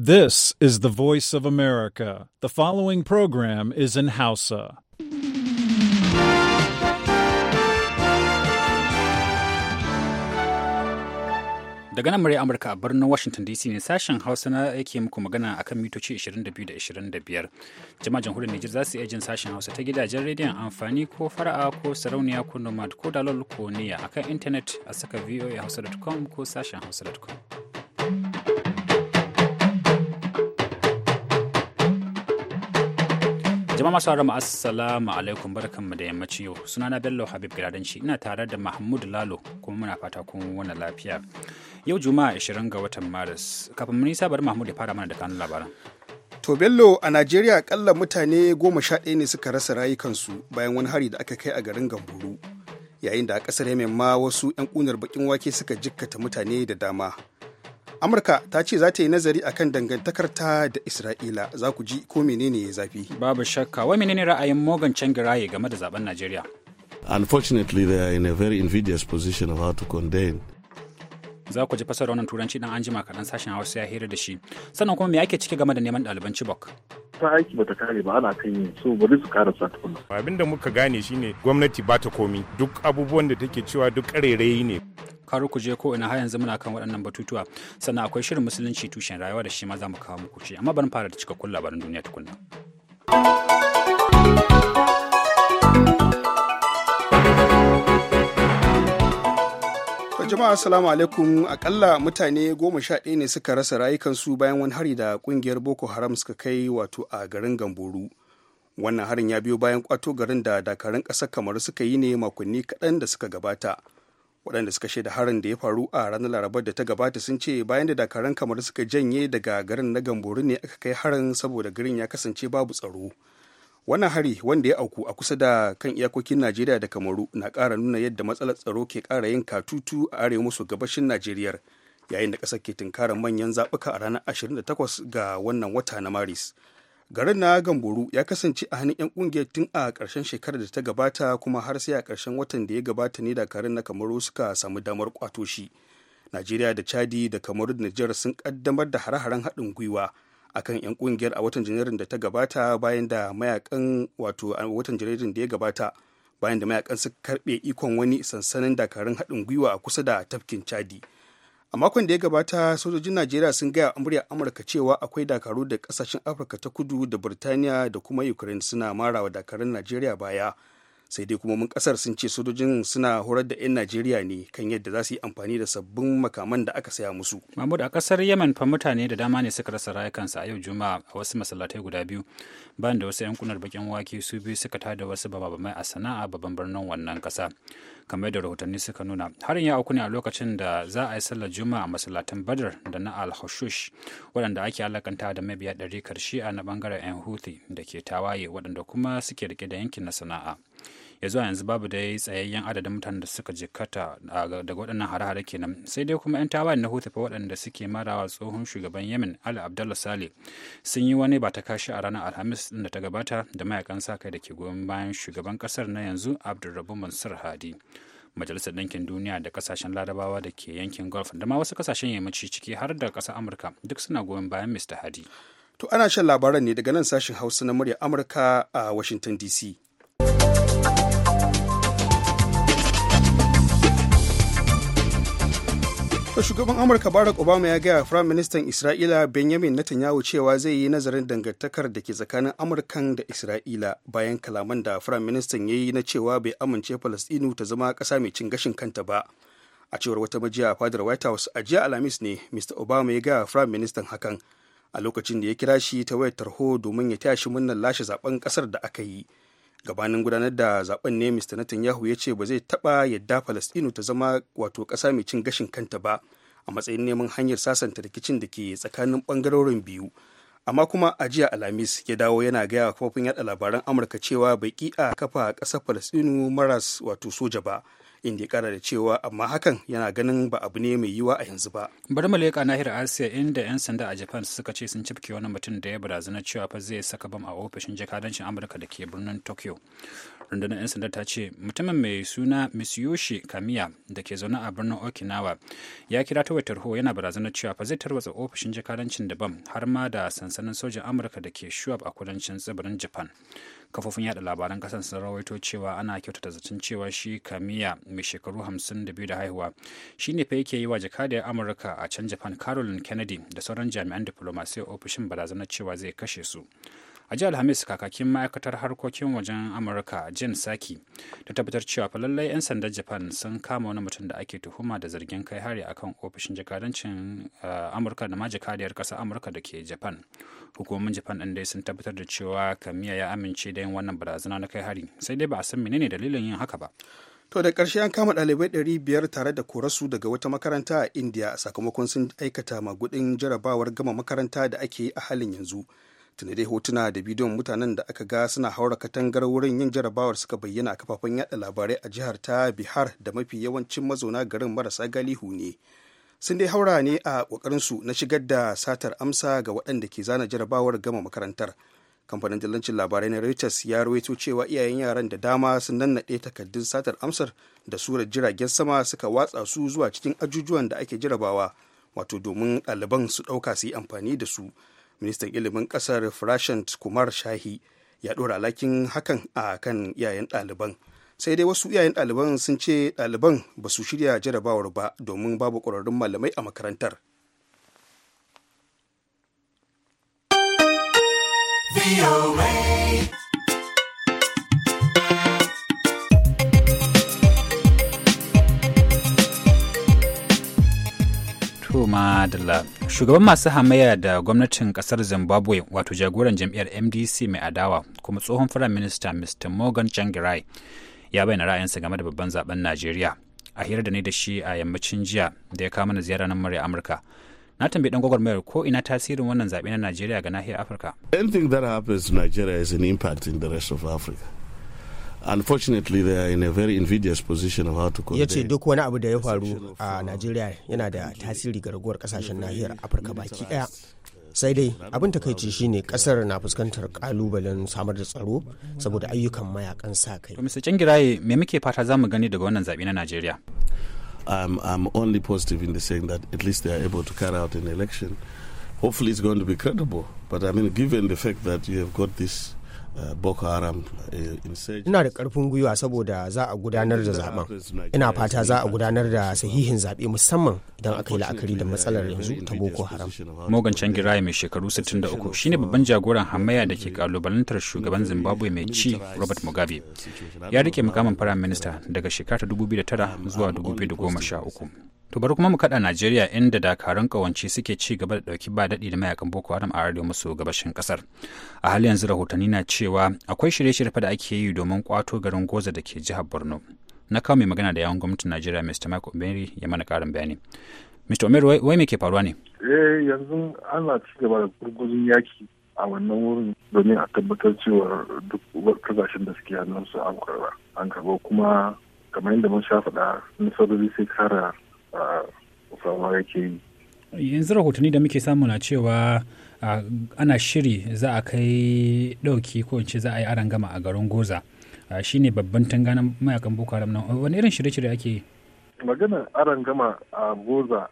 This is the voice of America. The following program is in Hausa. Daga nan murya Amurka a birnin Washington DC ne sashen Hausa na yake muku magana akan mitoci 22 da 25. Jama'a jamhuriyar Nijar za su iya jin sashen Hausa ta gidajen rediyon amfani ko fara'a ko sarauniya ko nomad ko dalol ko niya akan intanet a saka voahausa.com ko sashen hausa.com. jama'a masu haramu assalamu alaikum barkanmu da yammaci yau sunana bello habib gidadanci ina tare da mahmud lalo kuma muna fata kun wani lafiya yau juma'a 20 ga watan maris kafin mu nisa bari mahmud ya fara mana da kanun labaran To Bello a Najeriya akalla mutane goma sha ɗaya ne suka rasa rayukansu bayan wani hari da aka kai a garin Gamburu. Yayin da a ƙasar Yemen ma wasu 'yan ƙunar bakin wake suka jikkata mutane da dama. amurka ta ce za ta yi nazari akan dangantakar ta da isra'ila za ku ji ko menene ya zafi babu shakka wai menene ra'ayin morgan changiraye game da zaben najeriya unfortunately they are in a very invidious position of how to condemn za ku ji fasara wannan turanci dan jima kaɗan sashen hausa ya hira da shi sannan kuma me ake ciki game da neman ɗaliban chibok ta aiki bata kare ba ana kan yi so bari su kara sa tukuna abin da muka gane shine gwamnati ba ta komi duk abubuwan da take cewa duk ƙarerayi ne karo ku je ko ina har yanzu muna kan waɗannan batutuwa sannan akwai shirin musulunci tushen rayuwa da shi ma za mu kawo muku shi amma bari fara da cikakkun labaran duniya tukunna. jama'a assalamu alaikum akalla mutane goma sha ɗaya ne suka rasa rayukansu bayan wani hari da kungiyar boko haram suka kai wato a garin gamboru wannan harin ya biyo bayan kwato garin da dakarun ƙasar kamar suka yi ne makonni kaɗan da suka gabata waɗanda suka shaida harin da ya faru a ranar larabar da ta gabata sun ce bayan da dakaran kamar suka janye daga garin na gamburu ne aka kai harin saboda garin ya kasance babu tsaro wannan hari wanda ya auku a kusa da kan iyakokin najeriya da kamaru na ƙara nuna yadda matsalar tsaro ke ƙara yin katutu a arewa maso gabashin najeriya yayin da ƙasar ke tunkarar manyan zaɓuka a ranar 28 ga wannan wata na maris garin na gamboru ya kasance a hannun 'yan kungiyar tun a karshen shekarar da ta gabata kuma har sai a karshen watan da ya gabata ne dakarun na kamaru suka samu damar kwato shi najeriya da chadi da kamaru da nijar sun kaddamar da hare-haren haɗin gwiwa akan 'yan kungiyar a watan janairun da ta gabata bayan da mayakan wato a watan janairun da ya gabata bayan da mayakan suka karɓe ikon wani sansanin dakarun haɗin gwiwa a kusa da tafkin chadi a makon da ya gabata sojojin najeriya sun gaya amurya amurka cewa akwai dakaru da kasashen afirka ta kudu da birtaniya da kuma ukraine suna marawa dakarun najeriya baya sai dai kuma mun kasar sun ce sojojin suna horar da 'yan najeriya ne kan yadda za su yi amfani da sabbin makaman da aka saya musu mahmud a kasar yemen fa mutane da dama ne suka rasa rayukansa a yau juma'a a wasu masallatai guda biyu bayan da wasu 'yan kunar bakin wake su biyu suka tada wasu bababamai a sana'a babban birnin wannan kasa kamar da rahotanni suka nuna harin ya auku ne a lokacin da za a yi sallar juma'a a masallatan badar da na al waɗanda ake alakanta da mabiya ɗari karshe a na bangaren 'yan huthi da ke tawaye waɗanda kuma suke rike da yankin na sana'a ya zuwa yanzu babu dai tsayayyen adadin mutanen da suka jikkata daga waɗannan hare-hare kenan sai dai kuma 'yan tawaye na hutu waɗanda suke marawa tsohon shugaban yemen ali abdullah sale sun yi wani ba ta kashi a ranar alhamis din da ta gabata da mayakan sa kai da ke goyon bayan shugaban ƙasar na yanzu abdulrabu mansur hadi majalisar ɗinkin duniya da ƙasashen larabawa da ke yankin golf da ma wasu kasashen yammaci ciki har da ƙasar amurka duk suna goyon bayan mr hadi to ana shan labaran ne daga nan sashen hausa na murya amurka a washington dc To shugaban Amurka Barack Obama ya gaya Firayim Ministan Isra'ila Benjamin Netanyahu cewa zai yi nazarin dangantakar da ke tsakanin Amurkan da Isra'ila bayan kalaman da Firayim Ministan ya yi na cewa bai amince Falastinu ta zama kasa mai cin gashin kanta ba. A cewar wata majiya a fadar White House a jiya Alhamis ne Mr. Obama ya gaya Firayim Ministan hakan a lokacin da ya kira shi ta wayar tarho domin ya tashi shi murnar lashe zaben kasar da aka yi. gabanin gudanar da zaben ne mr netanyahu ya ce ba zai taba yadda falastinu ta zama wato ƙasa mai cin gashin kanta ba a matsayin neman hanyar sasanta rikicin da ke tsakanin ɓangarorin biyu amma kuma a jiya alhamis ya dawo yana gaya wa kafofin yada labaran amurka cewa bai ki a kafa ƙasar falastinu maras wato soja ba inda ya kara da cewa amma hakan yana ganin ba abu ne mai yiwa a yanzu ba bari mu leƙa nahiyar asiya inda 'yan sanda a japan suka ce sun cifke wani mutum da ya barazana cewa fa zai saka bam a ofishin jakadancin amurka da ke birnin tokyo rundunar 'yan sanda ta ce mutumin mai suna misiyoshi Kamiya da ke zaune a birnin Okinawa ya kira ta waitar ho yana barazanar cewa fa zai tarwatsa ofishin jakadancin da bam har ma da sansanin sojin Amurka da ke Shuab a kudancin tsibirin Japan. Kafofin yada labaran kasan sun rawaito cewa ana kyautata zaton cewa shi Kamiya mai shekaru 52 da haihuwa shi ne fa yake yi wa jakadiyar Amurka a can Japan Carolyn Kennedy da sauran jami'an diplomasiyar ofishin barazanar cewa zai kashe su. a jihar alhamis kakakin ma'aikatar harkokin wajen amurka jin saki ta tabbatar cewa falallai 'yan sandar japan sun kama wani mutum da ake tuhuma da zargin kai hari akan ofishin jakadancin eh, amurka da ma jakadiyar kasa amurka da ke japan hukumomin japan ɗin dai sun tabbatar da cewa kamiya ya amince da yin wannan barazana na kai hari sai dai ba a san menene dalilin yin haka ba To da ƙarshe an kama ɗalibai 500 tare da korasu daga wata makaranta a India sakamakon sun aikata magudin jarabawar gama makaranta da ake yi a halin yanzu. tuni dai hotuna da bidiyon mutanen da aka ga suna haura katangar wurin yin jarabawar suka bayyana a kafafen yada labarai a jihar ta bihar da mafi yawancin mazauna garin marasa galihu ne sun dai haura ne a su na shigar da satar amsa ga waɗanda ke zana jarabawar gama makarantar kamfanin dillancin labarai na reuters ya rawaito cewa iyayen yaran da dama sun nannaɗe takardun satar amsar da surar jiragen sama suka watsa su zuwa cikin ajujuwan da ake jarabawa wato domin ɗaliban su ɗauka su yi amfani da su ministan ilimin kasar frashant kumar shahi ya dora alakin hakan a kan iyayen ɗaliban sai dai wasu iyayen ɗaliban sun ce ɗaliban ba su shirya jarabawar ba domin babu ƙwararrun malamai a makarantar To shugaban masu hamayya da gwamnatin kasar Zimbabwe wato jagoran jam'iyyar MDC mai adawa kuma tsohon firayim minista Mr. Morgan Changirai ya bayyana ra'ayinsa game da babban zaben Najeriya a hira da ni da shi a yammacin jiya da ya kawo mana ziyara nan mare Amurka. na tambayi dan gwagwarmayar ko ina tasirin wannan zaɓe na Najeriya ga nahiyar Afirka. Anything that happens to Nigeria is an impact in the rest of Africa. unfortunately they are in a very invidious position of how to ya ce duk wani abu da ya faru a uh, najeriya yana da tasiri ga raguwar kasashen nahiyar afirka baki daya sai dai uh, abin takaici shine kasar na fuskantar kalubalen samar da tsaro saboda ayyukan mayakan sa kai to mr cingiraye me muke fata zamu gani daga wannan zabe na najeriya I'm, I'm only positive in the saying that at least they are able to carry out an election. Hopefully, it's going to be credible. But I mean, given the fact that you have got this Eh, boko haram eh, ina da karfin gwiwa saboda za a gudanar da zaben ina fata za a gudanar da sahihin zaɓe musamman idan aka yi la'akari da matsalar yanzu ta boko haram morgan changirai mai shekaru 63 shine babban jagoran hamayya da ke kalubalantar shugaban zimbabwe mai ci robert mugabe ya rike mukamin firayim minista daga shekara 2009 zuwa 2013 To bari kuma mu kada Najeriya inda dakarun ƙawance suke ci gaba da ɗauki ba daɗi da mayakan Boko Haram a arewa maso gabashin kasar. A halin yanzu rahotanni na ci cewa akwai shirye-shirye da ake yi domin kwato garin goza da ke jihar borno na kawo mai magana da yawon gwamnatin najeriya mr mike omeri ya mana karin bayani mr omeri wai me ke faruwa ne eh yanzu ana ci gaba da gurgurin yaki a wannan wurin domin a tabbatar cewa duk kasashen da suke hannun su an karba an karba kuma kamar yadda mun sha faɗa nasarori sai kara ah, faruwa yake yi yanzu rahotanni da muke samu na cewa ana shiri za a kai ɗauki ko in ce za a yi gama a garin goza shine babban tanganan mayakan boko haram nan wani irin shirye-shirye ake magana gama a goza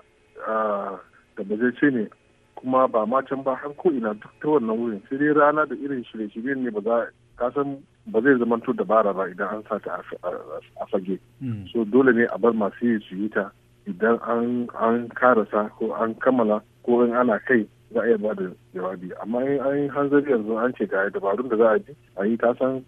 da ce ne kuma ba ma can ba har ko ina duk ta wannan wurin sai dai rana da irin shirye-shirye ne ba za ka san ba zai zama to dabara ba idan an sata a fage hmm. so dole ne a bar masu yi su yi ta idan an karasa ko an kammala ko in ana kai za a iya ba da jawabi amma an hanzari yanzu an ce ga dabarun da za a ji a yi ta san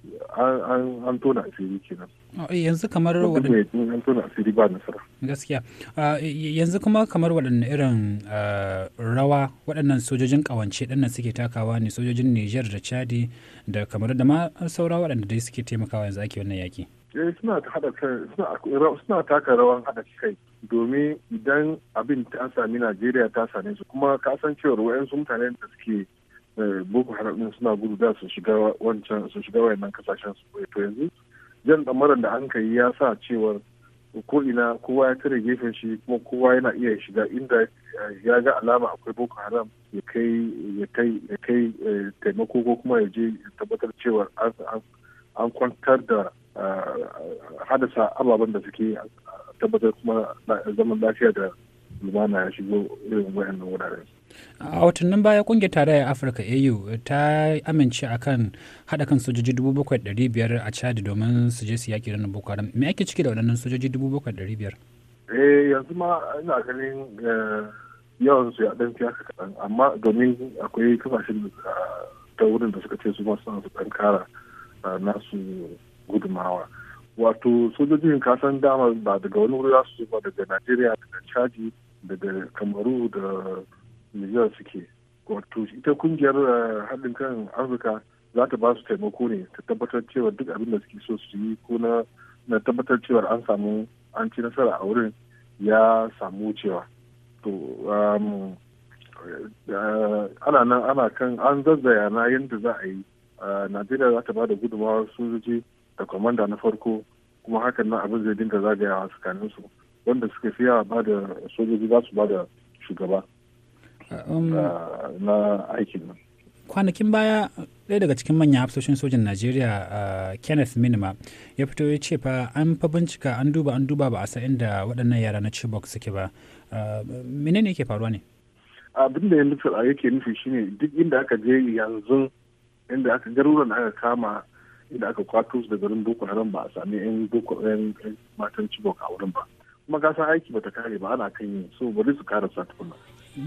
an tona asiri kenan ah, eh, yanzu kamar waɗannan gaskiya ah, eh, yanzu kuma kamar waɗannan irin ah, rawa waɗannan sojojin ƙawance ɗannan nan suke takawa ne sojojin Nijar da Chadi da kamar da ma saura waɗanda dai suke taimakawa yanzu ake wannan yaki Eh, suna taka rawan haɗa kai domin idan abin ta sami najeriya ta same su kuma ka san cewar wa'yansu mutane da suke eh, boko haram din suna gudu da su shiga wancan su shiga wayannan kasashen su to yanzu jan damaran da an kai ya sa cewar ko ina kowa ya tare gefen shi kuma kowa yana iya shiga inda eh, ya ga alama akwai boko haram ya kai ya kai taimako ko kuma ya je tabbatar cewa an kwantar da hadasa ababen da suke tabbatar kuma zaman lafiya da lumana ya shigo irin wayannan wuraren. a watannin baya kungiyar tarayyar afirka au ta amince akan haɗa kan sojoji 7,500 a chad domin su je su yaƙi ranar boko haram me ake ciki da waɗannan sojoji 7,500 eh yanzu ma ina ganin eh, yawan su ya ɗan fiya kaɗan amma domin akwai kasashen ah, ta wurin da suka ce su ma suna su ɗan kara ah, nasu gudumawa wato sojojin kasan dama ba daga wani wuri za su ba daga nigeria daga chadi daga kamaru da niger suke wato ita kungiyar eh, haɗin kan afirka za ta ba su taimako ne ta tabbatar cewa duk abin da suke so su yi ko na tabbatar cewa an samu an ci nasara a wurin ya samu cewa to um, eh, ana nan ana kan an zazzaya na yadda za a yi eh, nigeria za ta ba da gudunmawar sojoji da kwamanda na farko kuma hakan nan abin zai dinga zagayawa tsakanin su wanda suka fiya ba da sojoji za su ba da shugaba uh, um, uh, na aikin nan kwanakin baya ɗaya daga cikin manyan hafsoshin sojin najeriya uh, kenneth minima ya fito ya ce fa an fa bincika an duba an duba ba a san inda waɗannan yara na chibok suke ba menene yake faruwa ne abin da yake nufi shine duk inda aka je yanzu inda aka garuruwan aka kama da aka kwato su daga garin boko haram ba a sami yan boko yan matan cibok a wurin ba kuma ka aiki bata kare ba ana kan yi so bari su kare sa tukuna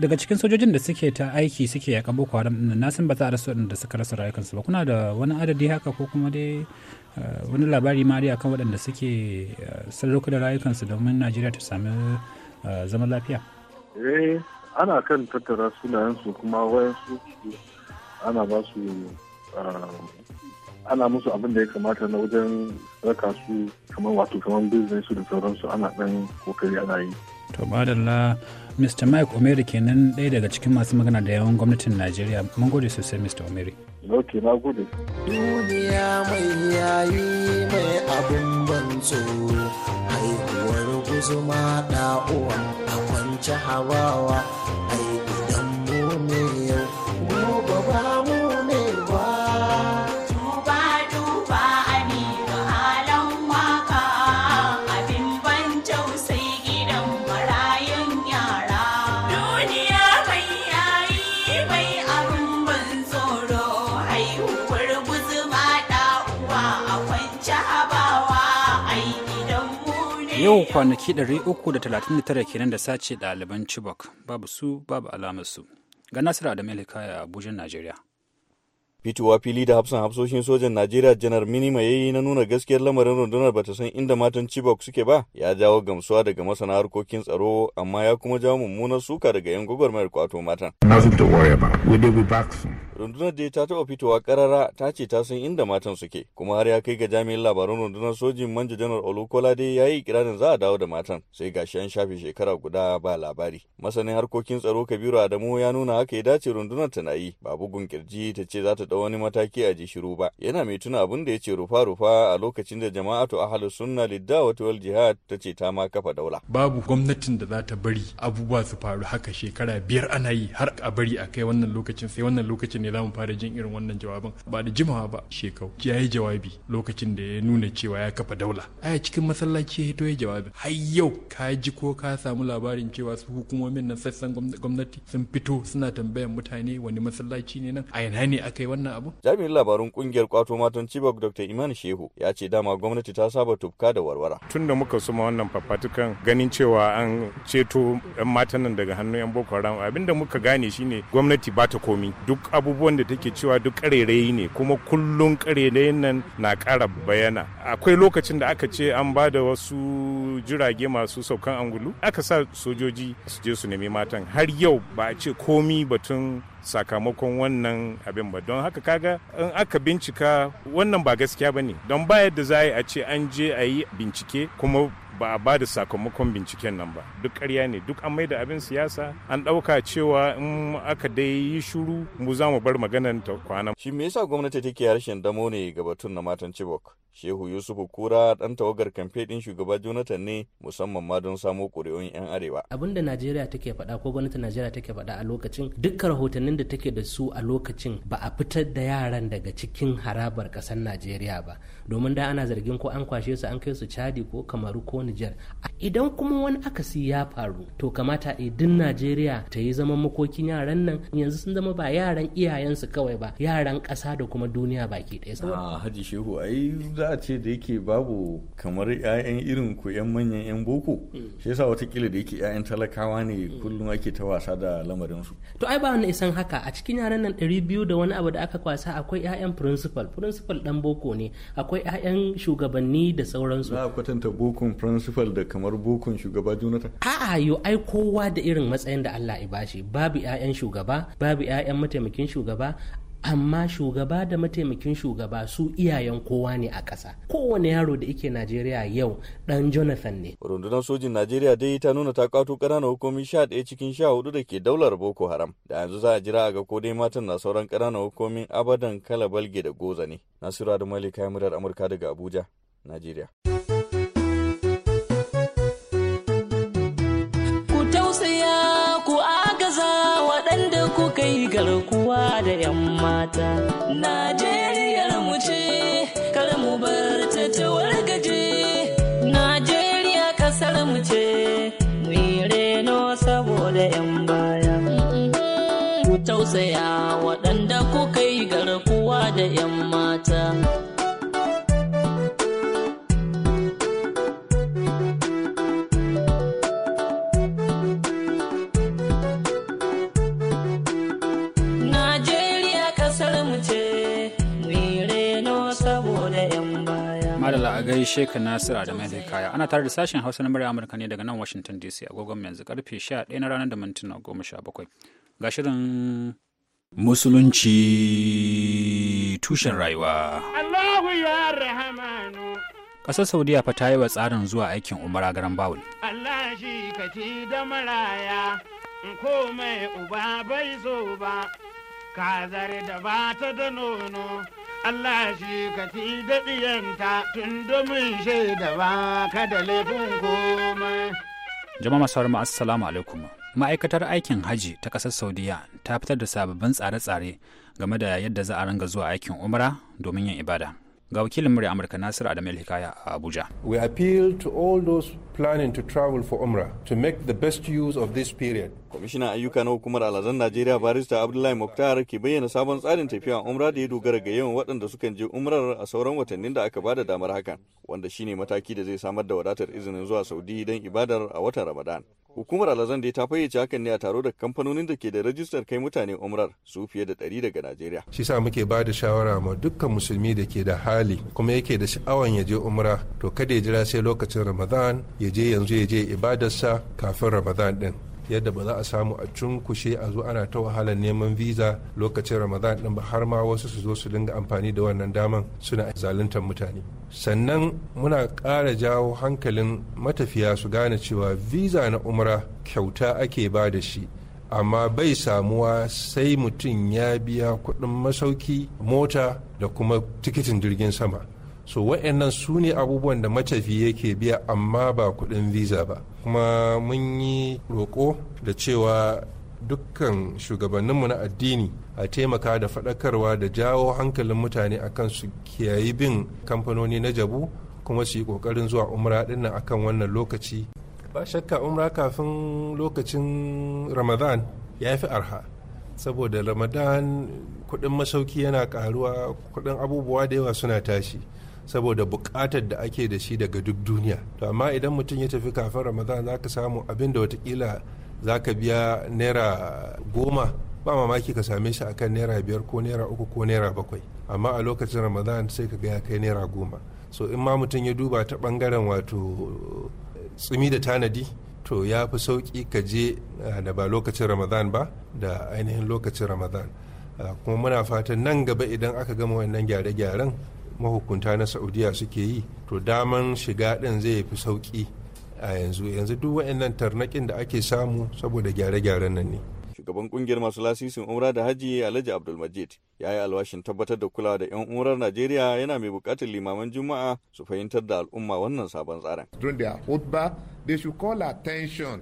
daga cikin sojojin da suke ta aiki suke yaka boko haram din na san ba za a rasa waɗanda suka rasa rayukansu ba kuna da wani adadi haka ko kuma dai eh, wani labari ma dai akan waɗanda suke eh, sadaukar da rayukansu domin najeriya ta sami eh, zaman lafiya eh ana kan tattara sunayensu kuma wayansu ana ba su ana musu abin da ya kamata na wajen raka su kamar wato kamar business da sauransu ana dan kokari ana yi to madalla mr mike omeri kenan ɗaya daga cikin masu magana da yawan gwamnatin najeriya mun gode sosai mr omeri ok na gode duniya mai yayi mai abin banzo haihuwar guzuma da uwa a kwanci hawawa yau kwanaki 339 kenan da sace ɗaliban chibok babu su babu alamarsu ga nasiru adamu hikaya abuja najeriya fitowa fili da hafsan hafsoshin sojan najeriya janar minima ya yi na nuna gaskiyar lamarin rundunar bata san inda matan chibok suke ba ya jawo gamsuwa daga masana harkokin tsaro amma ya kuma jawo mummunar suka daga yan gwagwarmayar kwato matan rundunar da ta taɓa fitowa karara ta ce ta san inda matan suke kuma har ya kai ga jami'in labarun rundunar sojin manja janar dai ya yi ikirarin za a dawo da matan sai gashi an shafe shekara guda ba labari masanin harkokin tsaro kabiru adamu ya nuna haka ya dace rundunar ta na yi ba bugun kirji ta ce za ta ɗau wani mataki a ji shiru ba yana mai tuna abin da ya ce rufa rufa a lokacin da jama'atu ahlus sunna liddawati wal jihad ta ce ta ma kafa daula babu gwamnatin da za ta bari abubuwa su faru haka shekara biyar ana yi har a bari a kai wannan lokacin sai wannan lokacin ne za mu fara jin irin wannan jawabin ba da jimawa ba shekau ya yi jawabi lokacin da ya nuna cewa ya kafa daula aya cikin masallaci ya hito ya jawabi har yau ka ji ko ka samu labarin cewa su hukumomin nan sassan gwamnati sun fito suna tambayan mutane wani masallaci ne nan a yana ne aka yi wannan wannan abu? Jami'in labarun kungiyar kwato matan Chibok Dr. Iman Shehu ya ce dama gwamnati ta saba tufka da warwara. Tun da muka suma wannan fafatukan ganin cewa an ceto 'yan matan nan daga hannun 'yan Boko Haram abinda muka gane shine gwamnati ba ta komi duk abubuwan da take cewa duk ƙarerayi ne kuma kullum karerayin nan na ƙara bayana. Akwai lokacin da aka ce an ba da wasu jirage masu saukan angulu aka sa sojoji su je su nemi matan har yau ba a ce komi batun sakamakon wannan abin ba don haka kaga in aka bincika wannan ba gaskiya ba ne don ba yadda za a ce an je a yi bincike kuma ba a ba da sakamakon binciken nan ba duk karya ne duk an maida abin siyasa an ɗauka cewa in aka dai yi shuru mu za mu bar maganan ta kwana. shi me yasa gwamnati take harshen damo ne ga batun na matan chibok. Shehu Yusufu Kura ɗan tawagar kamfe ɗin shugaba Jonathan ne musamman ma don samo ƙuri'un 'yan arewa. Abin da Najeriya take faɗa ko gwamnatin Najeriya take faɗa a lokacin dukkan rahotannin da take da su a lokacin ba a fitar da yaran daga cikin harabar ƙasar Najeriya ba domin da ana zargin ko an kwashe su an kai su Chadi ko Kamaru ko Nijar. Idan kuma wani akasi ya faru to kamata a idin Najeriya ta yi zaman makokin yaran nan yanzu sun zama ba yaran iyayensu kawai ba yaran ƙasa da kuma duniya baki ɗaya. Ah, Haji Shehu ai za a ce da yake babu kamar 'ya'yan irin ku 'yan manyan 'yan boko mm. shi yasa watakila da yake 'ya'yan talakawa ne mm. kullum ake ta wasa da lamarinsu to ai ba wani isan haka a cikin yaran nan ɗari biyu da wani abu da aka kwasa akwai 'ya'yan principal principal dan boko ne akwai 'ya'yan shugabanni da sauransu za a kwatanta bokon principal da kamar bokon shugaba jonathan a'a yo ai kowa da irin matsayin da allah ya bashi babu 'ya'yan shugaba babu 'ya'yan mataimakin shugaba amma shugaba da mataimakin shugaba su iyayen kowa ne a ƙasa kowane yaro da yake najeriya yau dan jonathan ne rundunar sojin najeriya dai ta nuna ta kwato ƙananan hukumi sha ɗaya cikin sha hudu da ke daular boko haram da yanzu za a jira a ga ko dai matan na sauran ƙananan hukumin abadan kala balge da goza ne nasiru da malika murar amurka daga abuja najeriya mata najeriyar mu ce kar mu bar ta ta wargaje najeriya kasar mu ce mu yi reno saboda yan baya mm-hmm. ku tausaya waɗanda kuka yi garkuwa da ma. gaishe ka nasira Adamu da kaya. Ana tare da sashen Hausa na murya Amurka ne daga nan Washington DC agogon yanzu karfe 11 na ranar da mintuna 17. Ga shirin Musulunci tushen rayuwa. Allahu ya rahmanu. Ƙasar Saudiya fa ta yi wa tsarin zuwa aikin Umara garan Bawul. Allah shi ka da maraya, komai uba bai zo ba, kazar da bata da nono. Allah shi ka fi daɗiyanta tun domin shaida ba ka da laifin komai. Jama'a masu assalamu alaikum. Ma'aikatar aikin haji ta ƙasar Saudiya ta fitar da sababbin tsare-tsare game da yadda za a ranga zuwa aikin umra domin yin ibada. Ga wakilin murya Amurka Nasiru Adam Hikaya a Abuja. We appeal to all those planning to travel for Umrah to make the best use of this period. Kwamishinan ayyuka na hukumar alazan Najeriya barista Abdullahi Muktar ke bayyana sabon tsarin tafiya Umrah da ya dogara ga yawan waɗanda suka je Umrar a sauran watannin da aka bada damar hakan, wanda shine mataki da zai samar da wadatar izinin zuwa Saudi don ibadar a watan Ramadan. Hukumar alazan dai ta fayyace hakan ne a taro da kamfanonin da ke da rajistar kai mutane umrar su fiye da ɗari daga Najeriya. Shi sa muke ba da shawara ma dukkan musulmi da ke da hali kuma yake da sha'awan ya je umra to kada ya jira sai lokacin Ramadan ya je yanzu ya je ibadarsa kafin ramadan din yadda ba za a samu a cunkushe a zo ana ta wahalar neman visa lokacin ramadan din ba har ma wasu su zo su dinga amfani da wannan daman suna zaluntar mutane sannan muna ƙara jawo hankalin matafiya su gane cewa visa na umra kyauta ake ba da shi amma bai samuwa sai mutum ya biya kuɗin masauki mota da kuma tikitin jirgin sama so wa'annan su ne abubuwan da matafi yake biya amma ba kuɗin visa ba kuma mun yi roƙo da cewa dukkan shugabanninmu na addini a taimaka da faɗakarwa da jawo hankalin mutane akan su kiyayi bin kamfanoni na jabu kuma su yi ƙoƙarin zuwa umra ɗinnan akan wannan lokaci ba shakka umra kafin lokacin ramadan ya fi arha saboda ramadan kuɗin masauki yana ƙaruwa kuɗin abubuwa da yawa suna tashi saboda buƙatar da ake da shi daga duk duniya to amma idan mutum ya tafi kafin ramadan za ka samu abin da watakila za ka biya naira goma ba mamaki ka same shi akan naira biyar ko naira uku ko naira bakwai amma a lokacin ramadan sai ka ga ya kai naira goma so in ma mutum ya duba ta bangaren wato tsimi da tanadi to ya fi sauki ka je ah, da ba lokacin ramadan ba da ainihin lokacin ramadan ah, kuma muna fatan nan gaba idan aka gama wannan gyare-gyaren mahukunta na saudiya suke yi to daman shiga ɗin zai fi sauƙi a yanzu yanzu duk waɗannan tarnakin da ake samu saboda gyare-gyaren nan ne shugaban kungiyar masu lasisin umra da hajji alhaji abdulmajid ya yi alwashin tabbatar da kulawa da 'yan umrar najeriya yana mai bukatar limaman juma'a su fahimtar da al'umma wannan sabon tsarin during their khutbah they should call attention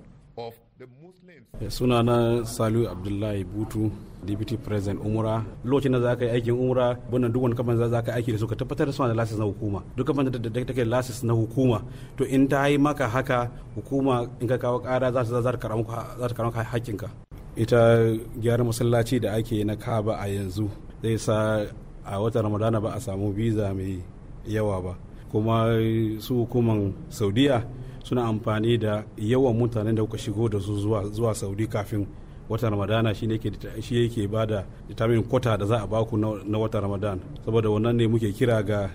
Eh, sunana salu abdullahi butu deputy president umura lokacin da za ka yi aikin umura wannan duk wani kamar za ka yi aiki da suka ka tabbatar da suna da lasis na hukuma duk kamar da take lasis na hukuma to in ta yi maka haka hukuma in ka kawo kara za ta karamaka hakkinka ita gyaran masallaci da ake na kaba a yanzu zai sa a watan ramadana ba a samu biza mai yawa ba kuma su hukuman saudiya suna amfani da yawan mutanen da kuka shigo da su zuwa saudi kafin watan ramadana shi shi yake ba da vitamin kwata da za a baku na watan ramadan saboda wannan ne muke kira ga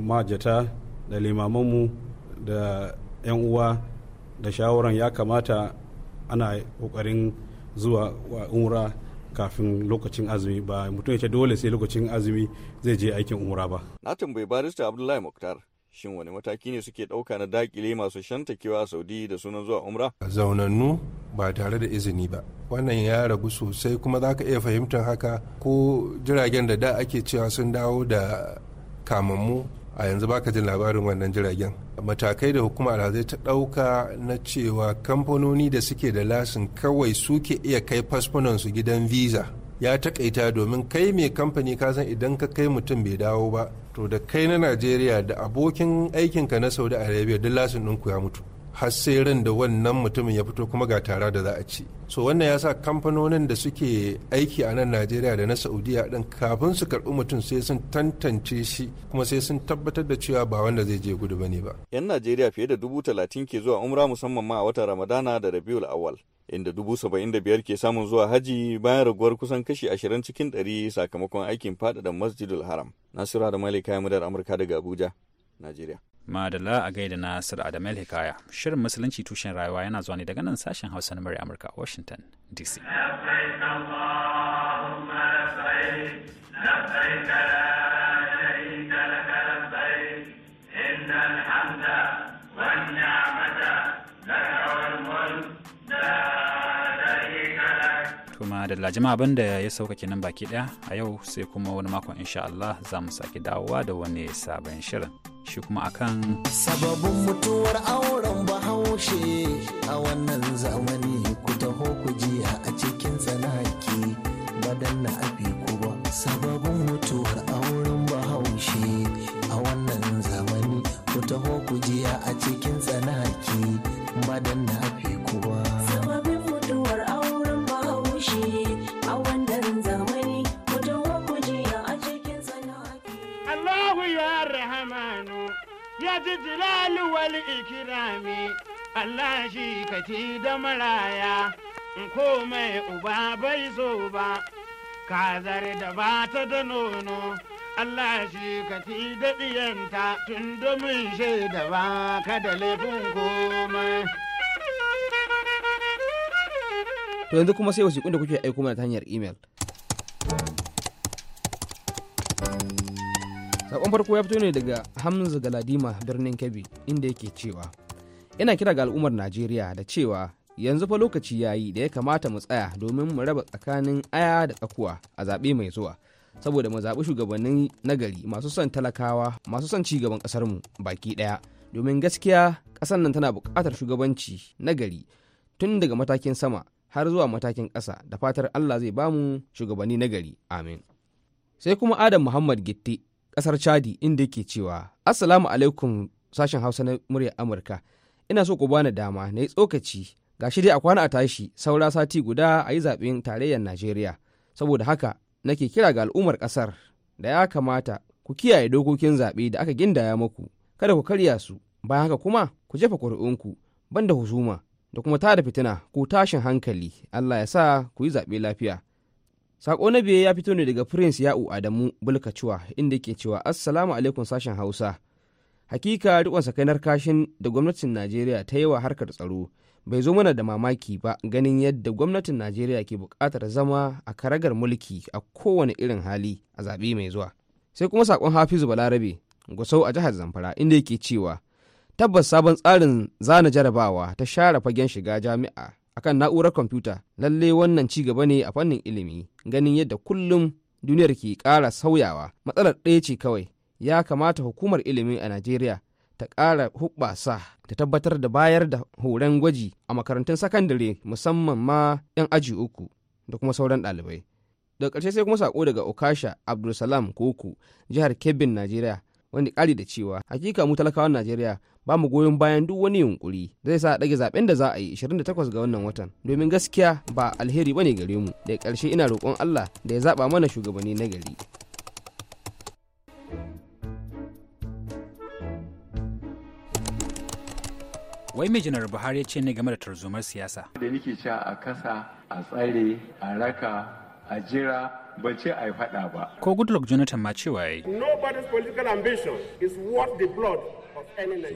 majata da limamanmu da 'yan uwa da shawaran ya kamata ana kokarin zuwa wa umra kafin lokacin azumi ba mutum ya ce dole sai lokacin azumi zai je aikin umra ba na tambayi barista abdullahi muktar shin wani mataki ne suke ɗauka na dakile masu shantakewa a saudi da sunan zuwa umra zaunannu ba tare da izini ba wannan ya ragu sosai kuma za ka iya fahimtar haka ko jiragen da da ake cewa sun dawo da kamammu a yanzu baka jin labarin wannan jiragen matakai da hukuma alhazai ta ɗauka na cewa kamfanoni da suke da lasin kawai suke iya kai fasfunansu gidan visa ya takaita domin kai mai kamfani kasan idan ka kai mutum bai dawo ba to da kai na najeriya da abokin aikinka na saudi arabia duk lasin ɗinku ya mutu har da wannan mutumin ya fito kuma ga tara da za a ci so wannan ya sa kamfanonin da suke aiki a nan najeriya da na saudiya din kafin su karɓi mutum sai sun tantance shi kuma sai sun tabbatar da cewa ba wanda zai je gudu bane ba yan najeriya fiye da dubu talatin ke zuwa umra musamman ma a watan ramadana da rabiul awal inda dubu saba'in da biyar ke samun zuwa haji bayan raguwar kusan kashi ashirin cikin ɗari sakamakon aikin faɗaɗa masjidul haram nasiru da malika ya mudar amurka daga abuja najeriya Madalla a gaida Nasir Adamel Hikaya. Shirin Musulunci tushen rayuwa yana zuwa ne daga nan sashen Hausa na murya Amurka Washington DC. Madalla da abin da ya sauka kenan baki daya a yau sai kuma wani makon insha Allah za mu sake dawowa da wani sabon shirin. shi kuma akan sababin mutuwar auren bahaushe a wannan zamani ku taho ku jiya a cikin tsanaki badan na abi ku ba sababin mutuwar auren bahaushe a wannan zamani ku taho ku jiya a cikin tsanaki badan na abi ذا الجلال والإكرام الله شي كتيد مرايا komai uba bai zo ba kazar da bata da nono Allah shi ka ci da ɗiyanta tun domin shaida ba ka da laifin komai. To yanzu kuma sai wasiƙun da kuke aiko mana ta hanyar imel. sakon farko ya fito ne daga hamza galadima birnin kebbi inda yake cewa yana kira ga al'ummar najeriya da cewa yanzu fa lokaci ya yi da ya kamata mu tsaya domin mu raba tsakanin aya da tsakuwa a zaɓe mai zuwa saboda mu zaɓi shugabannin nagari masu son talakawa masu son ci gaban ƙasarmu baki ɗaya domin gaskiya ƙasar nan tana buƙatar shugabanci nagari tun daga matakin sama har zuwa matakin ƙasa da fatar Allah zai bamu shugabanni nagari amin sai kuma Adam Muhammad Gitti kasar chadi inda yake cewa assalamu alaikum sashen hausa na muryar amurka ina so ku bani dama na yi tsokaci Ga shi dai a kwana a tashi saura sati guda a yi zaɓen tarayyar najeriya saboda haka nake kira ga al'ummar ƙasar da ya kamata ku kiyaye dokokin zaɓe da aka gindaya muku kada ku karya su bayan haka kuma ku jefa ƙuri'unku banda husuma da kuma tada fitina ko tashin hankali allah ya sa ku yi zaɓe lafiya Sako na biye ya fito ne daga Prince Ya'u Adamu Bulkacuwa inda ke cewa Assalamu alaikum sashen Hausa. Hakika riƙon sakainar kashin da gwamnatin Najeriya ta yi wa harkar tsaro bai zo mana da mamaki ba ganin yadda gwamnatin Najeriya ke buƙatar zama a karagar mulki a kowane irin hali a zaɓe mai zuwa. Sai kuma sakon Hafizu Balarabe gwasau a jihar Zamfara inda yake cewa tabbas sabon tsarin zana jarabawa ta share fagen shiga jami'a akan na'urar kwamfuta lalle wannan ci gaba ne a fannin ilimi ganin yadda kullum duniyar ke ƙara sauyawa matsalar ɗaya ce kawai ya kamata hukumar ilimi a najeriya ta ƙara hubbasa ta tabbatar da bayar da horon gwaji a makarantun sakandare musamman ma 'yan aji uku da kuma sauran ɗalibai daga ƙarshe sai kuma sako daga okasha abdulsalam koko jihar kebbin najeriya Wani ƙari da cewa hakika mu talakawan najeriya ba mu goyon bayan duk wani yunkuri zai sa a ɗage zaɓen da za a yi 28 ga wannan watan domin gaskiya ba alheri bane gare mu da ƙarshe ina roƙon Allah da ya zaɓa mana shugabanni na gari. wai mai janar buhari ya ce ne game da tarzomar siyasa da nike cewa a kasa a tsare a raka a jira ban ce a yi fada ba ko goodluck jonathan ma cewa yayi nobody's political is worth the blood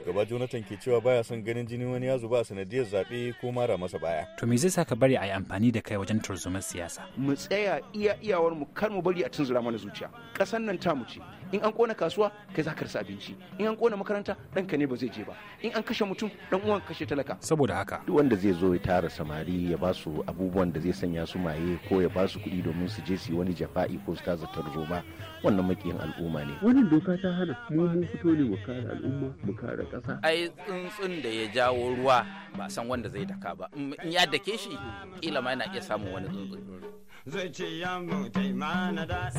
Shugaba Jonathan ke cewa baya son ganin jinin wani ya zuba sanadiyar zaɓe ko mara masa baya. To me zai saka bari a yi amfani da kai wajen turzumar siyasa? Mu tsaya iya iyawar mu kar mu bari a tunzura mana zuciya. Ƙasar nan ta mu ce. In an kona kasuwa kai za ka rasa abinci. In an kona makaranta ɗanka ne ba zai je ba. In an kashe mutum ɗan uwan kashe talaka. Saboda haka. Duk wanda zai zo ya tara samari ya ba su abubuwan da zai sanya su maye ko ya ba su kuɗi domin su je su yi wani jafa'i ko su tarzoma wannan makiyin al'umma ne. Wannan doka ta hana mu mun fito ne mu al'umma mu kare kasa. ai tsuntsun da ya jawo ruwa ba san wanda zai daka ba in ya dake shi kila ma yana iya samun wani tsuntsun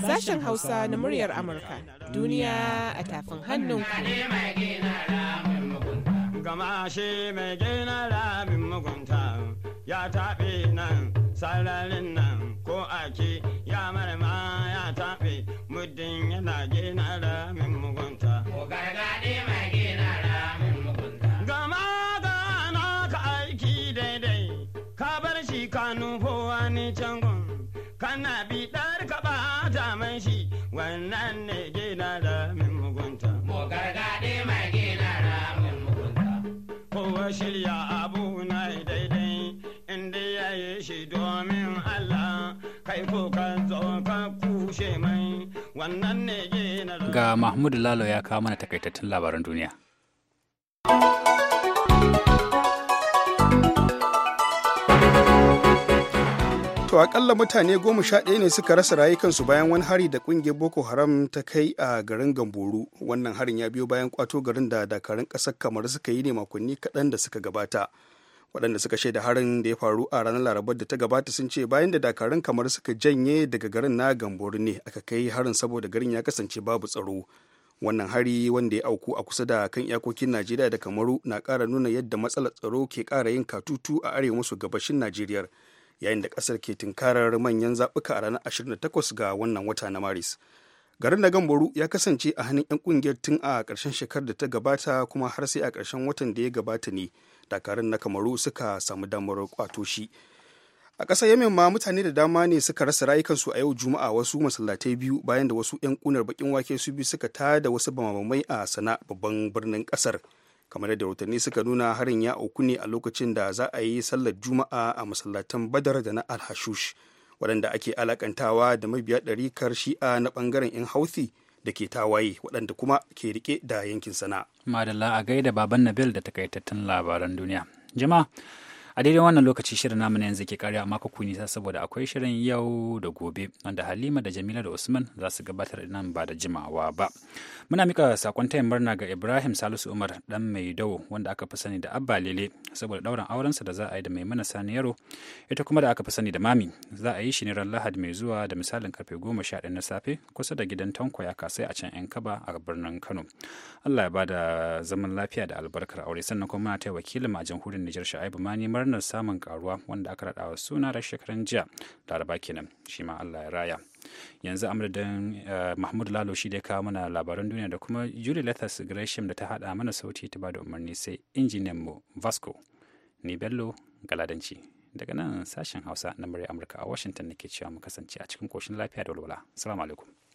Sashen Hausa na muryar Amurka, duniya a tafin hannun Gama shi mai gina rabin mugunta ya taɓe nan sararin nan ko ake ya marama ya taɓe muddin yana gina rabin shirya abu na daidai inda ya yi shi domin Allah kai ko ka zo ka kushe mai wannan ne ga Mahmud Lalo ya kawo mana takaitattun labaran duniya. akalla mutane goma sha ɗaya ne suka rasa rayukansu bayan wani hari da ƙungiyar Boko Haram ta kai a garin Gamboru. Wannan harin ya biyo bayan kwato garin da dakarun ƙasar kamar suka yi ne makonni kaɗan da suka gabata. Waɗanda suka shaida harin da ya faru a ranar Larabar da ta gabata sun ce bayan da dakarun kamar suka janye daga garin na Gamboru ne aka kai harin saboda garin ya kasance babu tsaro. Wannan hari wanda ya auku a kusa da kan iyakokin Najeriya da Kamaru na ƙara nuna yadda matsalar tsaro ke ƙara yin katutu a arewa maso gabashin Najeriya. yayin da kasar ke tunkarar manyan zaɓuka a ranar 28 ga wannan wata na maris garin da gamboru ya kasance a hannun 'yan kungiyar tun a ƙarshen shekarar da ta gabata kuma har sai a ƙarshen watan da ya gabata ne dakarun na kamaru suka samu damar kwato shi a ƙasar yemen ma mutane da dama ne suka rasa rayukansu a yau juma'a wasu masallatai biyu bayan da wasu 'yan kunar bakin wake su biyu suka tada wasu bamamai a sana babban birnin ƙasar kamar yadda rahotanni suka nuna harin ya auku ne a lokacin da za a yi sallar juma'a a masallatan badar da na alhashush waɗanda ake alakantawa da mabiya ɗarikar shi'a na ɓangaren in hauthi da ke tawaye waɗanda kuma ke riƙe da yankin sana'a. madalla a gaida baban nabil da takaitattun labaran duniya jama'a a daidai wannan lokaci shirin namu na yanzu ke kare amma ku nisa saboda akwai shirin yau da gobe wanda halima da jamila da usman za su gabatar nan ba da jimawa ba muna mika sakon tayin murna ga ibrahim salisu umar dan mai dawo wanda aka fi sani da abba lele saboda ɗaurin aurensa da za a yi da maimuna sani yaro ita kuma da aka fi sani da mami za a yi shi ne ran lahadi mai zuwa da misalin karfe goma sha na safe kusa da gidan tanko ya kasai a can yan kaba a birnin kano allah ya ba da zaman lafiya da albarkar aure sannan kuma muna taya wakilin a jamhuriyar nijar sha'ibu mani murna murnar samun karuwa wanda aka raɗawa suna da shekaran jiya laraba kenan shi ma allah ya raya yanzu amurdin eh, mahmud lalo shi da kawo mana labaran duniya da kuma julie lethas gresham da ta haɗa mana sauti ta ba da umarni sai injiniyan mu vasco ni bello galadanci daga nan sashen hausa na murya amurka a washington nake cewa mu kasance a cikin koshin lafiya da walwala salamu alaikum